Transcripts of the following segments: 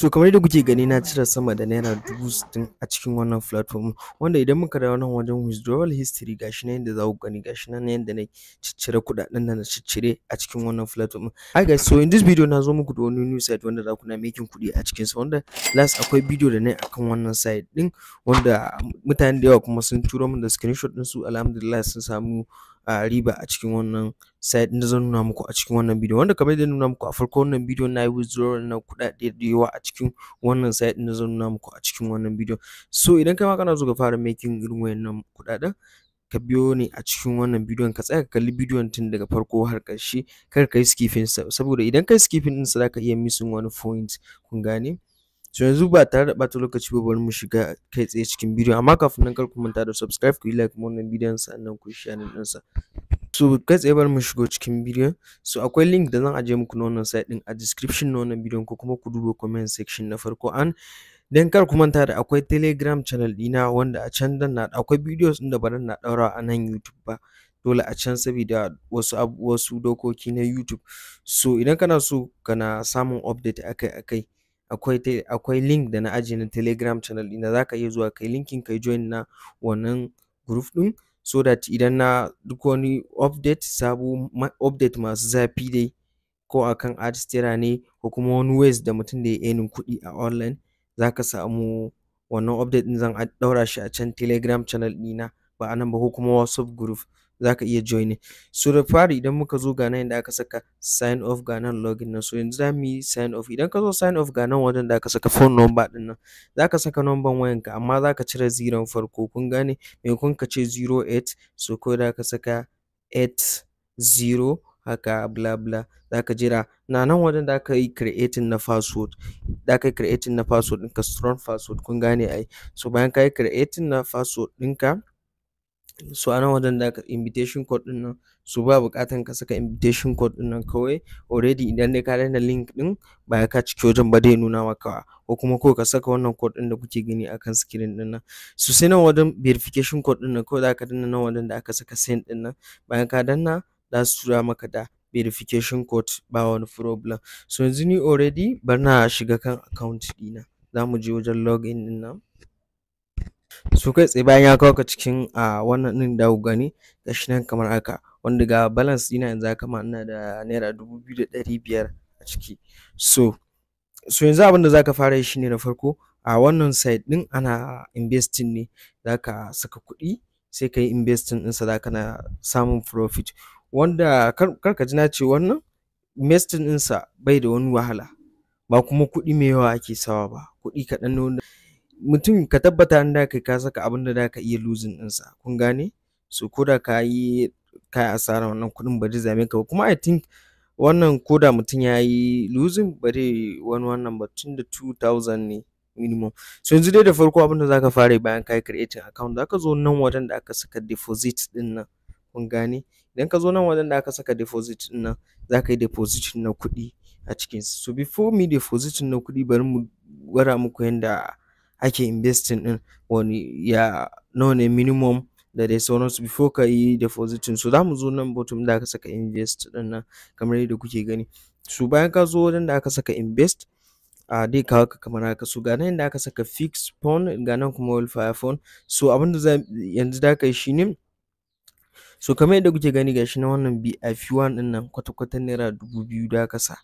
So kamar yadda kuke gani na cire sama da naira dubu sittin a cikin wannan platform wanda idan muka da wannan wajen withdrawal history gashi nan yadda za ku gani gashi nan yadda na ciccire kuɗaɗen nan na ciccire a cikin wannan platform. Hi guys so in this video na zo muku da wani new site wanda za ku na making kuɗi a cikin sa wanda last akwai video da na akan wannan site ɗin wanda mutane da yawa kuma sun turo min da screenshot ɗin su alhamdulillah sun samu a riba a cikin wannan site da zan nuna muku a cikin wannan bidiyo wanda kamar yadda nuna muku a farkon wannan bidiyon na yi withdrawal na kuɗaɗe da yawa a cikin wannan site da zan nuna muku a cikin wannan bidiyo so idan kai ma kana so ka fara making irin wayannan kuɗaɗen ka biyo ni a cikin wannan bidiyon ka tsaya ka kalli bidiyon tun daga farko har ƙarshe kar ka yi skipping saboda idan ka yi skipping sa za ka iya missing wani point kun gane So yanzu ba tare da ɓata lokaci ba bari mu shiga kai tsaye cikin bidiyo amma kafin nan kar ku manta da subscribe ku yi like wannan bidiyon sannan ku yi din sa So kai tsaye bari mu shigo cikin bidiyo So akwai link da zan ajiye muku na wannan site din a description na wannan bidiyon ko kuma ku duba comment section na farko an dan kar ku manta da akwai telegram channel dina wanda a can dan na akwai videos din da ba na daura a nan YouTube ba. dole a can saboda wasu wasu dokoki na YouTube. So idan kana so kana samun update akai-akai akwai te akwai link da na ajiye na telegram channel ɗina za ka iya zuwa kai linkin kai join na wannan group din. so that idan na duk wani update sabo update masu zafi dai ko akan Adstera ne ko kuma wani ways da mutum da ya earning kuɗi a online za ka samu wannan update din zan ɗaura shi a can telegram channel ɗina. ba anan ba ko kuma WhatsApp group zaka iya join So da fari idan muka zo ga nan inda aka saka sign off ga nan login na. so yanzu za mu yi sign off idan ka zo sign off ga nan wajen da aka saka phone number din nan za ka saka number wayanka amma za ka cire zero farko kun gane kun ka ce 08 so ko da ka saka 80 haka bla bla za ka jira na nan wajen da aka yi creating na password da aka yi creating na password ɗinka strong password kun gane ai so bayan ka yi creating na password ɗinka Su a nan wajen da invitation code din nan su ba bukatan ka saka invitation code din nan kawai already idan dai ka daina link ɗin ba ka ciki wajen ba dai nuna maka ko kuma ko ka saka wannan code din da kuke gani akan screen din nan Su sai nan wajen verification code din nan kawai za ka danna nan wajen da aka saka send din nan bayan ka danna za su tura maka da verification code ba wani problem so yanzu ni already bari na shiga kan account dina za mu je wajen login din nan su kai tsaye bayan ya kawo ka cikin a wannan din da ku gani gashi nan kamar haka wanda ga balance ɗina yanzu haka ma ina da naira dubu biyu da ɗari biyar a ciki so so yanzu abin da zaka fara yi shine na farko a wannan site ɗin ana investing ne zaka saka kuɗi sai ka yi investing ɗinsa zaka na samun profit wanda kar ka ji na ce wannan investing ɗinsa bai da wani wahala ba kuma kuɗi mai yawa ake sawa ba kuɗi kaɗan ne wanda mutum ka tabbata an da kai ka saka abin da zaka iya losing ɗinsa kun gane so koda da ka yi ka yi asara wannan kuɗin ba zai zame ka ba kuma I think wannan ko da mutum ya yi losing ba zai wani wannan ba tun da 2000 ne minimum so yanzu dai da farko abin da zaka fara bayan ka yi creating account Zaka zo nan wajen da aka saka deposit ɗin nan kun gane idan ka zo nan wajen da aka saka deposit ɗin nan za yi deposit na kuɗi a cikinsu so before mu deposit na kuɗi bari mu gwada muku yanda ake investing din wani ya nawa ne minimum da dai sauransu before ka yi depositing so za mu zo nan bottom da aka saka invest ɗin nan kamar yadda kuke gani so bayan ka zo wajen da aka saka invest a ah, dai ka haka kamar haka so ga nan da aka saka fixed phone ga nan kuma welfare phone so abin da yanzu da ka yi ne so kamar yadda kuke gani gashi na wannan BIF1 din nan kwata-kwata naira dubu biyu da ka sa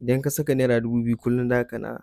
idan ka saka naira dubu biyu kullum da ka na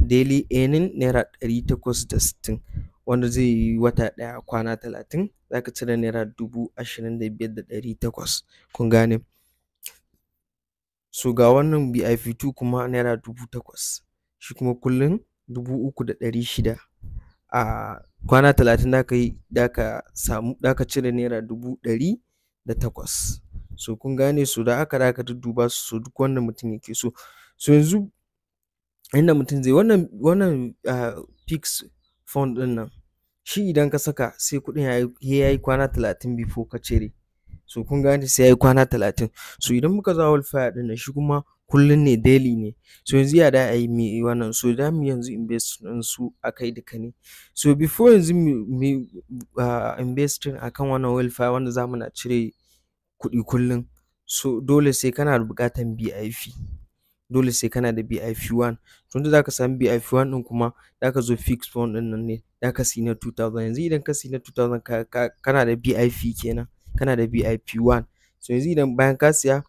daily earning naira ɗari takwas da sittin wanda zai yi wata ɗaya kwana talatin za ka cire naira dubu ashirin da biyar da ɗari takwas kun gane so ga wannan bif 2 kuma naira dubu takwas shi kuma kullum dubu uku da ɗari shida a kwana talatin da ka yi da ka cire naira dubu ɗari da takwas so kun gane so da aka da aka dudduba su so duk wanda mutum yake so so yanzu inda mutum zai wannan wannan fix fund din nan shi idan ka saka sai kudin ya yi kwana talatin before ka cire so kun gane sai ya yi kwana talatin so idan muka zo wildfire din nan shi kuma kullum ne daily ne so yanzu ya da a yi mai wannan so da mu yanzu invest su a kai duka ne so before yanzu mu investing a kan wannan welfare wanda za mu na cire kuɗi kullum so dole sai kana da buƙatan BIP dole sai kana da BIP1 tunda zaka samu BIP1 ɗin kuma zaka zo fix fund ɗin nan ne zaka siyi na 2000 yanzu idan ka siyi na 2000 kana da BIP kenan kana da BIP1 so yanzu idan bayan ka siya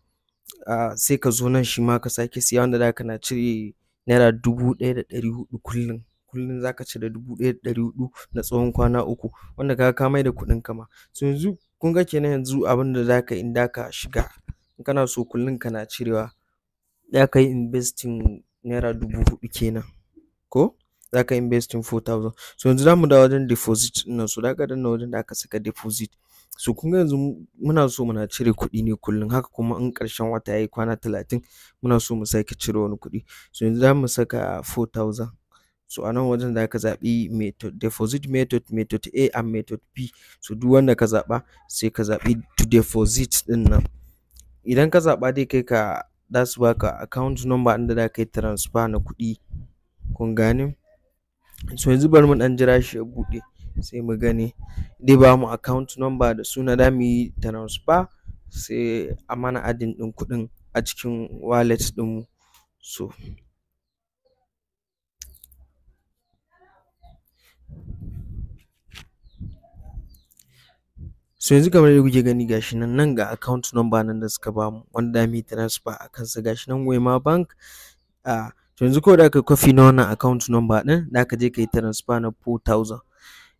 sai ka zo nan shi ma ka sake siya wanda zaka na cire naira dubu ɗaya da ɗari hudu kullum kullum zaka cire dubu ɗaya da ɗari hudu na tsawon kwana uku wanda ka ka da kuɗin ka ma so yanzu kun ga kenan yanzu abinda zaka in ka shiga in kana so kullum kana cirewa Ya ka investing naira dubu huɗu kenan ko za ka investing 4000 so yanzu za mu dawo wajen deposit ɗin nan so da ka danna wajen da aka saka deposit so kun yanzu muna so muna cire kuɗi ne kullum haka kuma in ƙarshen wata ya yi kwana talatin muna so mu sake cire wani kuɗi so yanzu za mu saka 4000? so a nan wajen da ka zaɓi method deposit method method a and method b so duk wanda ka zaɓa sai ka zaɓi to deposit ɗin nan idan ka zaɓa dai kai ka za su baka account number inda za ka yi transfer na kuɗi kun gane so yanzu bari mu ɗan jira shi ya buɗe sai mu gani dai ba mu account number da suna za mu yi transfer sai a mana adin ɗin kuɗin a cikin wallet ɗinmu so So yanzu kamar yadda kuke gani gashi nan nan ga account number nan da suka bamu wanda mu transfer a kansa gashi nan Wema Bank a to yanzu kawai da aka kwafi na wannan account number ɗin da aka je ka yi transfer na 4000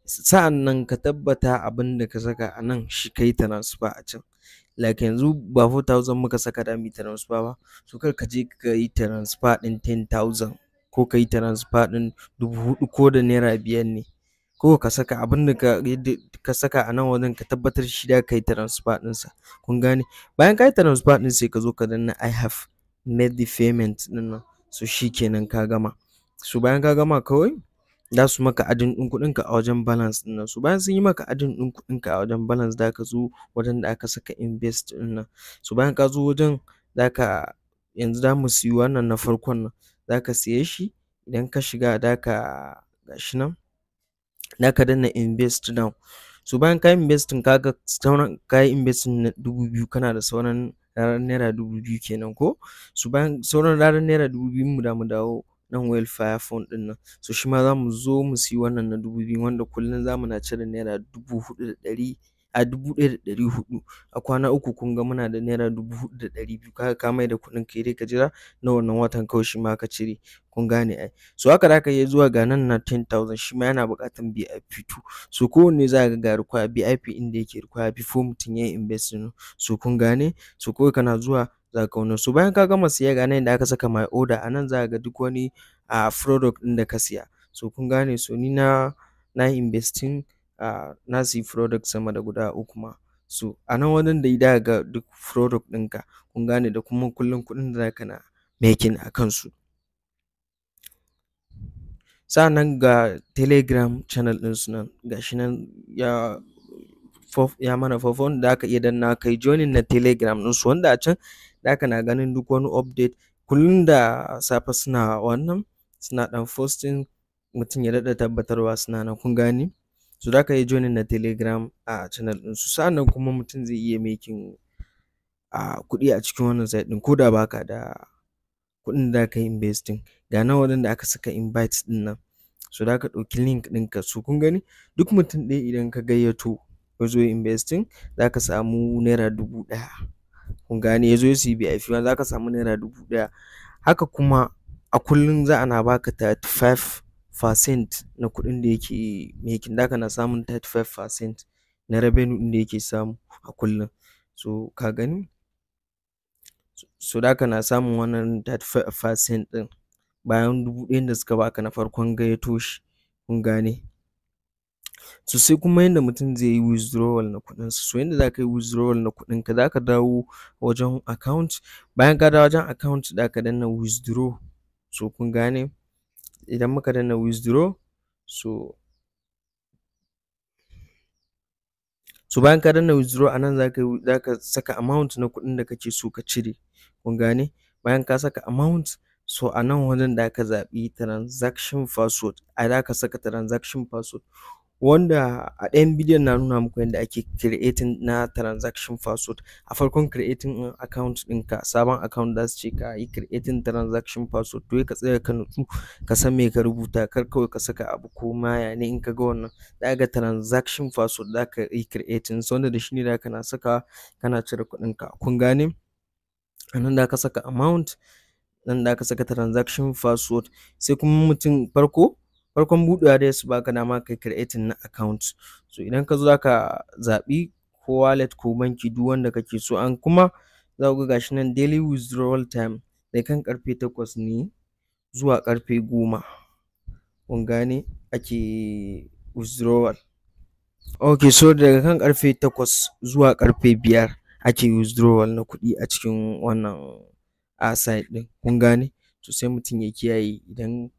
sa'an nan ka tabbata abin da ka saka a nan shi ka yi transfer a can like yanzu ba 4000 muka saka da mu transfer ba so kar ka je ka yi transfer ɗin 10000 ko ka yi transfer ɗin dubu ko da naira biyar ne ko ka saka abin da ka ka saka a nan wajen ka tabbatar shi da kai transfer sa. kun gane bayan ka yi transfer ɗin sai ka zo ka danna I have made the payment ɗin nan so shikenan ka gama so bayan ka gama kawai za su maka adin ɗin ka a wajen balance ɗin nan so bayan sun yi maka adin ɗin ka a wajen balance da ka zo wajen da aka saka invest ɗin nan so bayan ka zo wajen za ka yanzu za mu siyi wannan na farkon nan za ka siye shi idan ka shiga da ka gashi nan Na ka danna invest now so bayan ka yi ka ga sauran ka yi na dubu biyu kana da sauran rarar naira dubu biyu kenan ko so bayan sauran rarar naira dubu biyu mu da mu dawo nan fire phone din nan so shi ma za mu zo mu siyi wannan na dubu biyu wanda kullum za mu na cire naira dubu huɗu da ɗari a dubu ɗaya da ɗari huɗu a kwana uku kun ga muna da naira dubu huɗu da ɗari biyu kaga ka maida kuɗin yi dai ka jira na wannan watan kawai shi ma ka cire kun gane ai so haka da haka ya zuwa ga nan na ten thousand shi ma yana buƙatan BIP two so kowanne za ga ga require BIP ɗin da yake require before mutum yi investing so kun gane so kawai kana zuwa za ka wannan so bayan ka gama siya ga nan yadda aka saka my order a nan za ka ga duk wani a ah, product ɗin da ka siya so kun gane so ni na na investing uh, na siyi product sama da guda uku ma so a nan wajen da ya ga duk product ɗinka kun gane da kuma kullum kuɗin da za na making a kansu sa'annan ga telegram channel ɗin su nan ga shi nan ya ya mana fofon da aka iya danna kai joining na telegram ɗin su wanda a can da aka na ganin duk wani update kullum da safe suna wannan suna dan posting mutum ya daɗa tabbatarwa suna nan kun gane so da ka yi joining na telegram a channel din su sa'annan kuma mutum zai iya making a kuɗi a cikin wannan site din ko da baka da kuɗin da ka yi investing ga nan waɗanda aka saka invite din nan so da ka ɗauki link ka su kun gani duk mutum ɗaya idan ka gayyato ya zo investing za ka samu naira dubu ɗaya kun gane ya zo ya siyi BIF za ka samu naira dubu ɗaya haka kuma a kullum za ana baka 35 percent na kuɗin da yake making da kana na samun 35 percent na revenue ɗin da yake samu a kullum so ka gani so da haka na samun wannan 35 percent ɗin bayan dubu ɗayan da suka baka na farkon gayyato shi kun gane so sai kuma yadda mutum zai yi withdrawal na kuɗinsa so yadda za ka yi withdrawal na kuɗin ka, za ka dawo wajen account bayan ka dawo wajen account za ka danna withdraw so kun gane idan muka danna withdraw so so bayan ka danna withdraw a nan zaka zaka saka amount na kuɗin da kake so ka cire kun gane bayan ka saka amount so a nan wajen da ka zaɓi transaction password a da ka saka transaction password wanda a ɗayan bidiyon na nuna muku yadda ake creating na transaction password a farkon creating ɗin account ɗinka sabon account za su ce ka yi creating transaction password to ka tsaya ka nutsu ka san me ka rubuta kar kawai ka saka abu ko ma ya ne in ka ga wannan za ga transaction password za ka yi creating so wanda da shi ne za na saka kana cire kuɗinka kun gane nan da ka saka amount nan da ka saka transaction password sai kuma mutum farko farkon buɗewa dai su baka dama kai creating na account so idan ka zo zaka zaɓi ko wallet ko banki duk wanda kake so an kuma za ku ga gashi nan daily withdrawal time da kan karfe takwas ne zuwa karfe goma kun gane ake withdrawal ok so daga kan karfe takwas zuwa karfe biyar ake withdrawal na kuɗi a cikin wannan a site ɗin kun gane to sai mutum ya kiyaye idan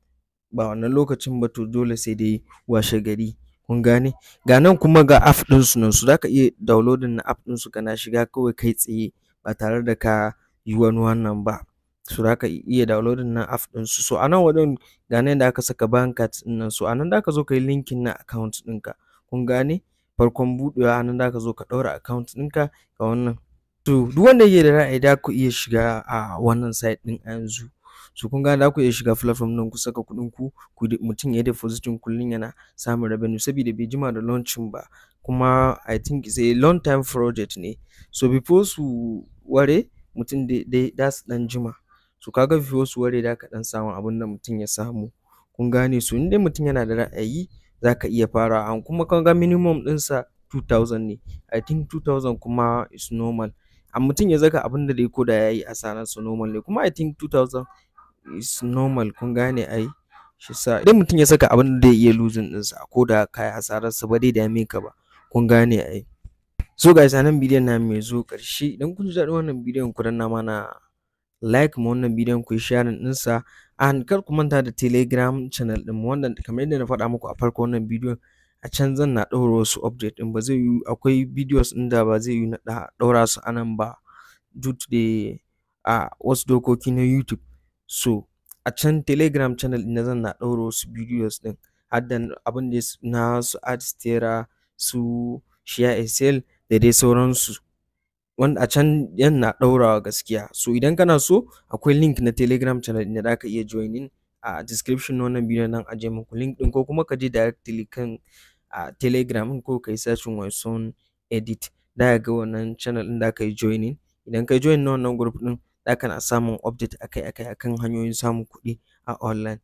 ba wannan lokacin ba to dole sai dai washe gari kun gane ga nan kuma ga app din su nan su zaka iya downloading na app din su kana shiga kawai kai tsaye ba tare da ka yi wani wannan ba su zaka iya downloading na app din su so anan wajen ga nan da aka saka bank card din nan so anan zaka zo kai linkin na account ka. kun gane farkon buɗewa anan ka zo ka ɗaura account ka ga wannan to duk wanda yake da ra'ayi da ku iya shiga a wannan site din a yanzu so kun ga za ku iya shiga platform nan ku saka kuɗin ku mutum ya depositin kullum yana samun revenue saboda bai jima da launching ba kuma i think it's a long time project ne so before su ware mutum dai da su ɗan jima so kaga before su ware da ka dan samu abin da mutum ya samu kun gane so in dai mutum yana da ra'ayi za ka iya fara an kuma kun ga minimum ɗinsa 2000 ne i think 2000 kuma is normal a mutum ya zaka abin da dai ko da yayi asaran su normal ne kuma i think 2000 is normal kun gane ai shi sa idan mutum ya saka abin da zai iya losing sa ko da kai hasarar sa ba dai dame ka ba kun gane ai so guys anan bidiyon na mai zo karshe idan kun ji daɗin wannan bidiyon ku danna mana like ma wannan bidiyon ku yi din sa and kar ku manta da telegram channel din mu Wannan kamar yadda na faɗa muku a farko wannan bidiyon a can zan na ɗaura wasu update din ba zai yi akwai videos ɗin da ba zai yiwu na ɗaura su anan ba due to the uh, wasu dokoki na youtube so a can telegram channel na zan na ɗaura wasu videos ɗin har da abin da na su adstera su shia excel da dai sauransu wanda a can yan na ɗaurawa gaskiya so idan kana so akwai link na telegram channel da za ka iya joinin a description na wannan bidiyon nan je muku link ɗin ko kuma ka je directly kan a telegram ko ka yi searching waison edit da ga wannan channel ɗin da ka yi joinin idan ka yi join na wannan group ɗin za kana samun update akai-akai akan hanyoyin samun kuɗi a online.